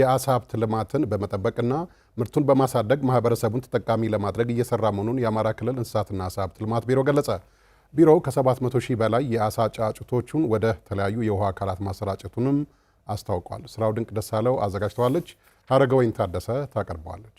የአሳ ሀብት ልማትን በመጠበቅና ምርቱን በማሳደግ ማህበረሰቡን ተጠቃሚ ለማድረግ እየሰራ መሆኑን የአማራ ክልል እንስሳትና አሳ ሀብት ልማት ቢሮ ገለጸ። ቢሮው ከ700 ሺህ በላይ የአሳ ጫጩቶቹን ወደ ተለያዩ የውሃ አካላት ማሰራጨቱንም አስታውቋል። ስራው ድንቅ ደሳለው አዘጋጅተዋለች። ሀረገወይን ታደሰ ታቀርበዋለች።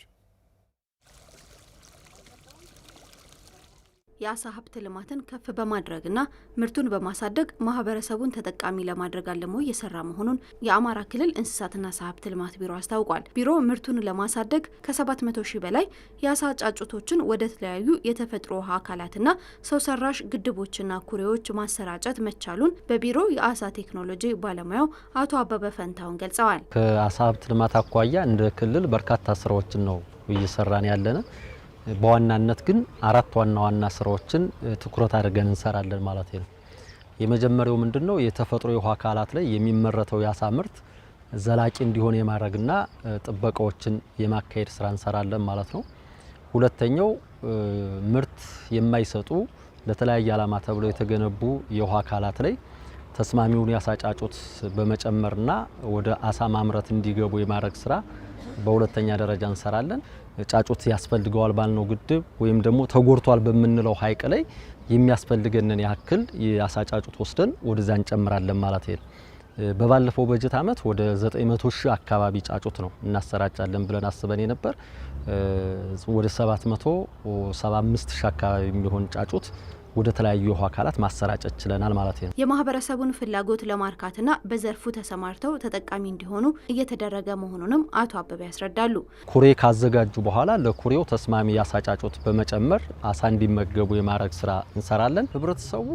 የአሳ ሀብት ልማትን ከፍ በማድረግና ምርቱን በማሳደግ ማህበረሰቡን ተጠቃሚ ለማድረግ አልሞ እየሰራ መሆኑን የአማራ ክልል እንስሳትና አሳ ሀብት ልማት ቢሮ አስታውቋል። ቢሮ ምርቱን ለማሳደግ ከ700 ሺህ በላይ የአሳ ጫጩቶችን ወደ ተለያዩ የተፈጥሮ ውሃ አካላትና ሰው ሰራሽ ግድቦችና ኩሬዎች ማሰራጨት መቻሉን በቢሮ የአሳ ቴክኖሎጂ ባለሙያው አቶ አበበ ፈንታውን ገልጸዋል። ከአሳ ሀብት ልማት አኳያ እንደ ክልል በርካታ ስራዎችን ነው እየሰራን ያለነ በዋናነት ግን አራት ዋና ዋና ስራዎችን ትኩረት አድርገን እንሰራለን ማለት ነው። የመጀመሪያው ምንድን ነው? የተፈጥሮ የውሃ አካላት ላይ የሚመረተው የአሳ ምርት ዘላቂ እንዲሆን የማድረግና ጥበቃዎችን የማካሄድ ስራ እንሰራለን ማለት ነው። ሁለተኛው ምርት የማይሰጡ ለተለያየ ዓላማ ተብለው የተገነቡ የውሃ አካላት ላይ ተስማሚውን የአሳ ጫጩት በመጨመርና ወደ አሳ ማምረት እንዲገቡ የማድረግ ስራ በሁለተኛ ደረጃ እንሰራለን። ጫጩት ያስፈልገዋል ባልነው ግድብ ወይም ደግሞ ተጎርቷል በምንለው ሀይቅ ላይ የሚያስፈልገንን ያክል የአሳ ጫጩት ወስደን ወደዛ እንጨምራለን ማለት ይል በባለፈው በጀት ዓመት ወደ 900 ሺህ አካባቢ ጫጩት ነው እናሰራጫለን ብለን አስበን የነበር ወደ 775 ሺህ አካባቢ የሚሆን ጫጩት ወደ ተለያዩ የውሃ አካላት ማሰራጨት ችለናል ማለት ነው። የማህበረሰቡን ፍላጎት ለማርካትና በዘርፉ ተሰማርተው ተጠቃሚ እንዲሆኑ እየተደረገ መሆኑንም አቶ አበበ ያስረዳሉ። ኩሬ ካዘጋጁ በኋላ ለኩሬው ተስማሚ ያሳጫጮት በመጨመር አሳ እንዲመገቡ የማድረግ ስራ እንሰራለን። ህብረተሰቡ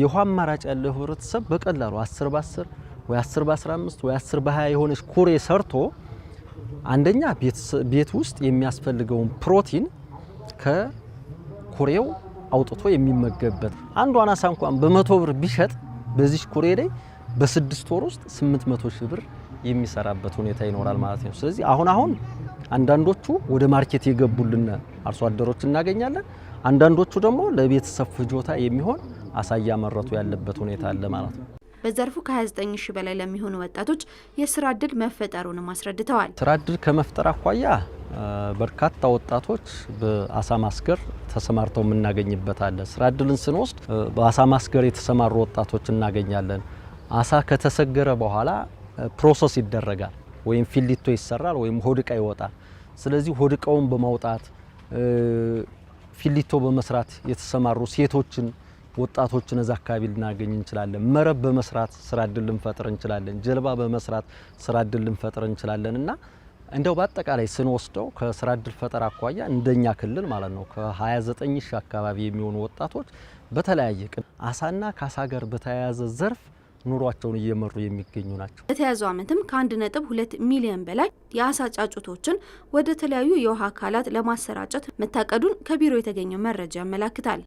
የውሃ አማራጭ ያለው ህብረተሰብ በቀላሉ 10 በ10 ወይ 10 በ15 ወይ 10 በ20 የሆነች ኩሬ ሰርቶ አንደኛ ቤት ውስጥ የሚያስፈልገውን ፕሮቲን ከኩሬው አውጥቶ የሚመገብበት አንዱ አናሳ እንኳን በመቶ ብር ቢሸጥ በዚህ ኩሬ ላይ በስድስት ወር ውስጥ 800 ሺህ ብር የሚሰራበት ሁኔታ ይኖራል ማለት ነው። ስለዚህ አሁን አሁን አንዳንዶቹ ወደ ማርኬት የገቡልን አርሶ አደሮች እናገኛለን። አንዳንዶቹ ደግሞ ለቤተሰብ ፍጆታ የሚሆን አሳ እያመረቱ ያለበት ሁኔታ አለ ማለት ነው። በዘርፉ ከ29 ሺህ በላይ ለሚሆኑ ወጣቶች የስራ እድል መፈጠሩንም አስረድተዋል። ስራ እድል ከመፍጠር አኳያ በርካታ ወጣቶች በአሳ ማስገር ተሰማርተው የምናገኝበታለን። ስራ እድልን ስንወስድ በአሳ ማስገር የተሰማሩ ወጣቶች እናገኛለን። አሳ ከተሰገረ በኋላ ፕሮሰስ ይደረጋል ወይም ፊሊቶ ይሰራል ወይም ሆድቃ ይወጣል። ስለዚህ ሆድቃውን በማውጣት ፊሊቶ በመስራት የተሰማሩ ሴቶችን ወጣቶችን እዛ አካባቢ ልናገኝ እንችላለን። መረብ በመስራት ስራ እድል ልንፈጥር እንችላለን። ጀልባ በመስራት ስራ እድል ልንፈጥር እንችላለን እና እንደው በአጠቃላይ ስንወስደው ከስራ እድል ፈጠራ አኳያ እንደኛ ክልል ማለት ነው ከ29 ሺህ አካባቢ የሚሆኑ ወጣቶች በተለያየ ቅ አሳና ከአሳ ጋር በተያያዘ ዘርፍ ኑሯቸውን እየመሩ የሚገኙ ናቸው። በተያዘው ዓመትም ከአንድ ነጥብ ሁለት ሚሊዮን በላይ የአሳ ጫጩቶችን ወደ ተለያዩ የውሃ አካላት ለማሰራጨት መታቀዱን ከቢሮ የተገኘው መረጃ ያመላክታል።